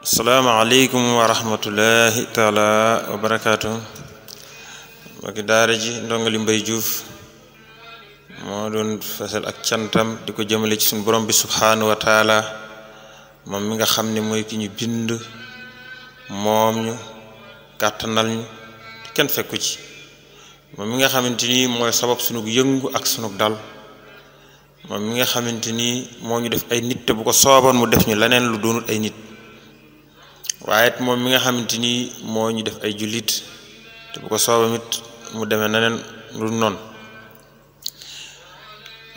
Assalamualaikum warahmatullahi rahmatullahi taala wa barakaatu mbokki daara ji ndongali Mbay Juuf mo don fasal ak cantam diko jëmele ci sun borom bi subhanahu wa taala mom mi nga xamni moy ki ñu bind mom ñu ñu ken fekku ci mom mi nga xamanteni moy sabab sunug yëngu ak sunu dal moom mi nga xamante ni moo ñu def ay nit te bu ko sooboon mu def ñu leneen lu doonul ay nit waaye moom mi nga xamante ni moo ñu def ay jullit te bu ko sooboon it mu demee neneen lu noonu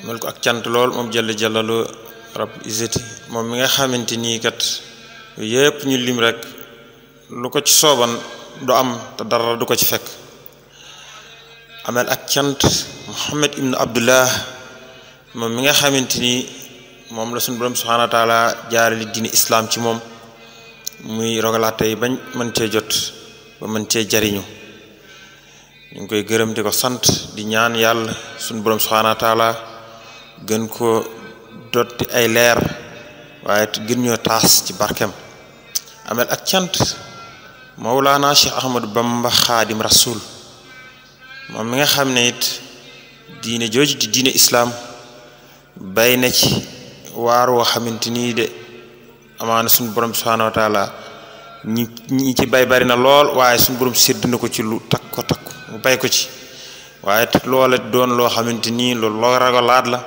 mel ko ak cant lool moom jëll jàllalu rab moom mi nga xamante nii kat yépp ñu lim rek lu ko ci sooban du am te dara du ko ci fekk amel ak cant Muhammad ibnu Abdullah moom mi nga xamante ni moom la suñu borom subhaanahu wa taala diine islaam ci moom muy rogalaat tey bañ mën cee jot ba mën cee jariñu ñu ngi koy gërëm di ko sant di ñaan yàlla suñu borom subhaanahu wa taala gën ko dotti ay leer waaye gën ñoo taas ci barkem amel ak cant Mawlaana Cheikh Ahmadou Bamba Xaadim Rasul moom mi nga xam ne it diine jooju di diine islaam bay na ci waar woo xamante nii de amaana suñu borom subhaanahu wa ñi ci bay bari na lool waaye suñu borom sedd na ko ci lu takk ko takk mu bay ko ci waaye loola doon loo xamante nii loolu laat la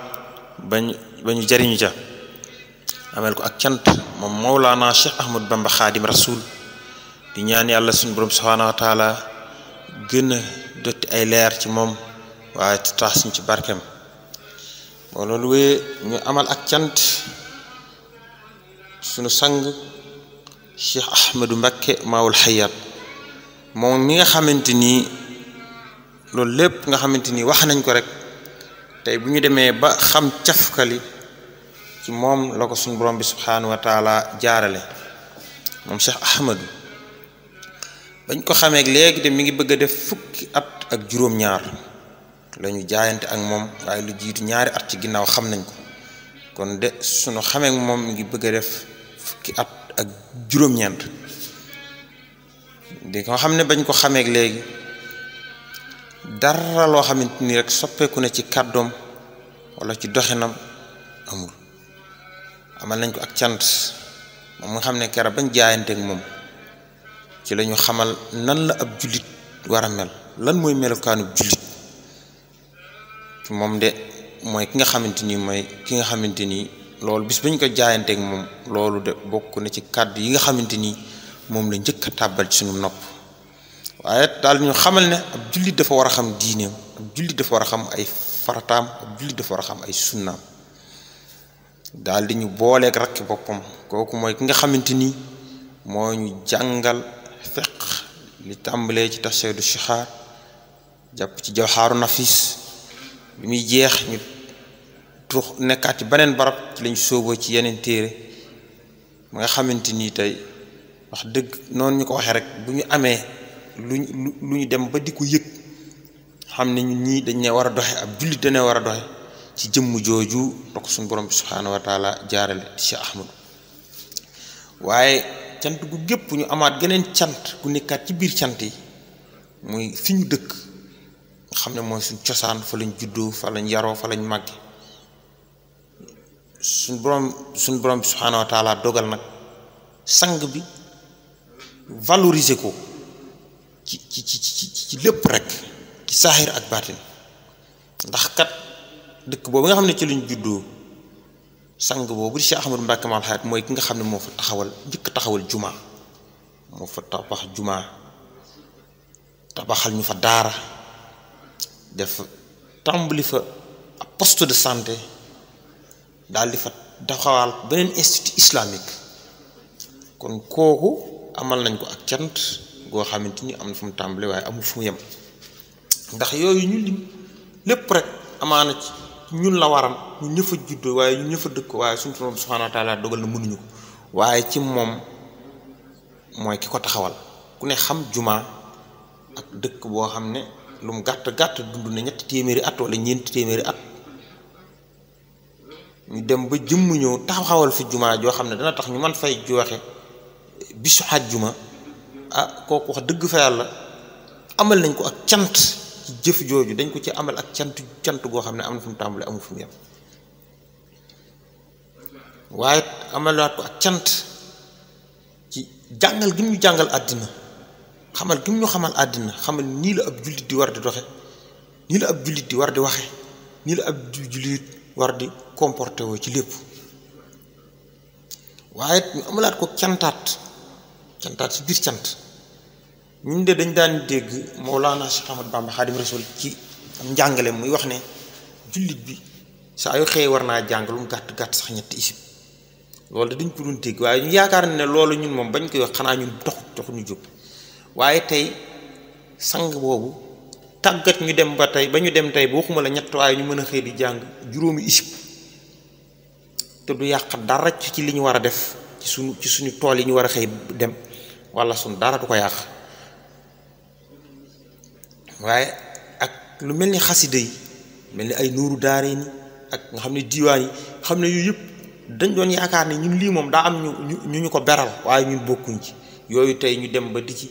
bañ ba jariñu ca amel ko ak cant moom Mawlaana Cheikh Ahmad Bamba Xaadim Rasul di ñaan yàlla suñu borom subhaanahu wa taala gën dotti ay leer ci moom waaye tax suñ ci barkeem boo loolu wéyee ñu amal ak cant sunu sang Cheikh Ahmadou Mbakke Maawul Hayaat moom mi nga xamante ni loolu lépp nga xamante ni wax nañ ko rek tey bu ñu demee ba xam cafkali ci moom la ko suñu borom bi subhaanahu wa taala jaarale moom Cheikh Ahmadou bañ ko xamee léegi de mi ngi bëgg a def fukki at ak juróom-ñaar. lañu jaayante ak moom waaye lu jiitu ñaari at ci ginnaaw xam nañ ko kon de suñu xamee moom mi ngi bëgg a def fukki at ak juróom-ñeent di ko xam ne bañ ko xameeg léegi dara loo xamante ni rek soppeeku na ci kàddoom wala ci doxinam amul amal nañ ko ak cant moom nga xam ne kera bañ ak moom ci lañu xamal nan la ab julit war mel lan mooy melokaanu julit moom de mooy ki nga xamante ni mooy ki nga xamante ni loolu bis bu ñu ko jaayanteek moom loolu de bokk na ci kàddu yi nga xamante ni moom la njëkk a tàbbal ci suñu nopp waaye daal ñu xamal ne ab jullit dafa war a xam diineem ab jullit dafa war a xam ay farataam ab jullit dafa war a xam ay sunnaam dal di ñu booleek rakki boppam kooku mooy ki nga xamante ni moo ñu jàngal fiq li tàmbalee ci tafsiru shixaar jàpp ci jawxaaru nafis bi jeex ñu tux nekkati benen beneen barab ci lañ soobo ci yenen téré ma nga xamanteni tay wax deug non ñu ko waxe rek bu ñu amee luñ dem ba di yek yëg ñun ñi dañ ne wara doxé ab jullit dañ ne wara doxé ci jëm joju da ko suñu borom subhanahu wa taala jaaral Cheikh ahmad waye cant gu gep ñu amaat geneen cant gu nekkat ci biir cant yi muy fiñu ñu dëkk xam ne mooy suñ cosaan fa lañ juddoo fa lañ yaroo fa lañ màgge suñ borom suñ borom bi subhaanahu wa dogal nag sang bi valoriser ko ci ci ci ci lépp rek ci saaxir ak baatin ndax kat dëkk boobu nga xam ne ci lañ juddoo sang boobu di Cheikh Ahmadou Mbacké Maal mooy ki nga xam ne moo fa taxawal njëkk taxawal jumaa moo fa tabax jumaa tabaxal ñu fa daara def tàmbali fa poste de santé daal di fa taxawal beneen institut islamique kon kooku amal nañ ko ak cant goo xamante ni am na fu mu tàmbali waaye amul fu mu yem ndax yooyu ñu lim lépp rek amaana ci ñun la waram ñu ñëfa juddoo waaye ñu ñëfa dëkk waaye suñu borom na mënuñu ko waaye ci moom mooy ak dëkk boo xam ne lu gàtt gàtt dund na ñetti téeméeri at wala ñeenti téeméeri at ñu dem ba jëmm ñëw taxawal fi jumaa joo xam ne dana tax ñu man fay joxe bisu àjjuma ah kooku wax dëgg fa yàlla amal nañ ko ak cant ci jëf jooju dañ ko ci amal ak cant cant goo xam ne am na fu mu amul fu mu waaye amalaat ak cant ci jàngal gi ñu jàngal àddina xamal gim ñu xamal adina xamal ni la ab julit di war di doxé ni la ab julit di war di waxé ni la ab julit war di comporté wo ci lepp waye ñu amulat ko cantaat cantaat si bir cant ñun de dañ daan dégg maulana Cheikh Ahmad Bamba Khadim rasoul ci am njàngale muy wax né julit bi sa yu xëyee warna jangalum gatt gatt sax ñetti isib lolou dañ ko dun dégg waye ñu yaakar ne lolou ñun mom bañ koy wax xana ñun taxut taxut ñu jup waaye tey sang boobu tàggat ñu dem ba tey ba ñu dem tey boo xuma la ñett waaye ñu mën a xëy di jàng juróomi isib te du yàq dara ci li ñu war a def ci suñu ci suñu tool yi ñu war a xëy dem wala suñu dara du ko yàq waaye ak lu mel ni xasida yi mel ni ay nuuru daare ni ak nga xam ne diiwaan yi xam ne yooyu yëpp dañ doon yaakaar ne ñun lii moom daa am ñu ñu ñu ko beral waaye ñu bokkuñ ci yooyu tey ñu dem ba di ci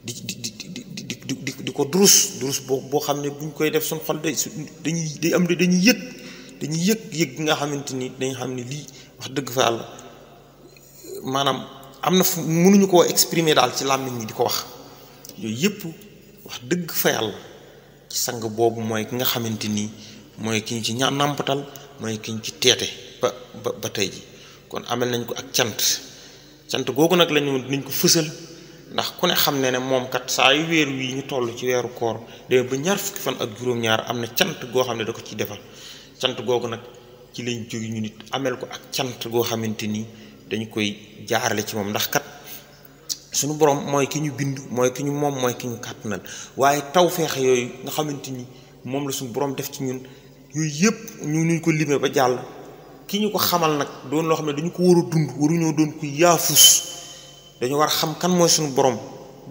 di di di di di ko durus durus boo boo xam ne buñ koy def suñ xol su dañuy day am dañuy yëg dañuy yëg yëg nga xamante ni dañ xam ne lii wax dëgg fa maanaam am na fu mënuñu koo exprimer daal ci làmmiñ ñi di ko wax yooyu yëpp wax dëgg fa yàlla ci sang boobu mooy ki nga xamante ni mooy ki ñu ci ñaan nàmpatal mooy ki ñu ci teete ba ba ba tey ji kon amel nañ ko ak cant cant googu nag lañu nañ ko fësal ndax ku ne xam ne ne moom kat saa yu weer wii ñu toll ci weeru koor dem ba ñaar fukki fan ak juróom-ñaar am na cant goo xam ne da ciy defal cant googu nag ci lañ jóge ñu nit amel ko ak cant goo xamante ni dañu koy jaarale ci moom ndax kat suñu borom mooy ki ñu bind mooy moom mooy ki ñu kàttanal waaye tawfeex yooyu nga xamante ni moom la suñu borom def ci ñun yooyu yëpp ñu nuñ ko limee ba jàll ki ñu ko xamal nag doon loo xam ne dañu ko war a dund waruñoo doon ku yaafus dañu war xam kan mooy suñu borom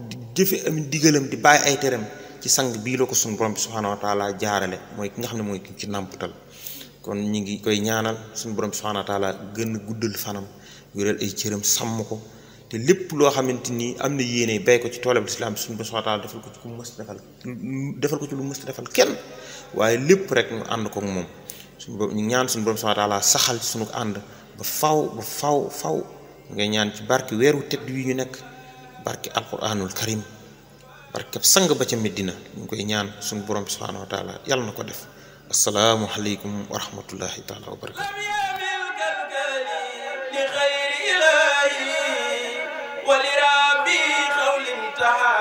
di jëfe am digalam di bàyyi ay teram ci sang bii la ko suñu borom bi subhaanahu wa taala jaarale mooy ki nga xam ne mooy ki ci nàmputal kon ñu ngi koy ñaanal suñu borom bi subhaanahu wa a guddal fanam wéral ay cëram sàmm ko te lépp loo xamante ni am na yéene bay ko ci toolam lislaam suñu borom subhaanahu wa taala defal ko ci ku mës defal defal ko ci lu mës defal kenn waaye lépp rek ñu ànd ko moom suñu ñu ñaan suñu borom subhaanahu wa taala saxal ci suñu ànd ba faw ba faw faw ngay ñaan ci barke weeru tëdd wi ñu nekk barke alquranul karim barke sang ba ca Medina ñu koy ñaan suñu borom bi subhanahu wa yàlla na ko def assalaamu aleykum wa rahmatullahi taala wa barakatu لخير إلهي ولربي قول انتهى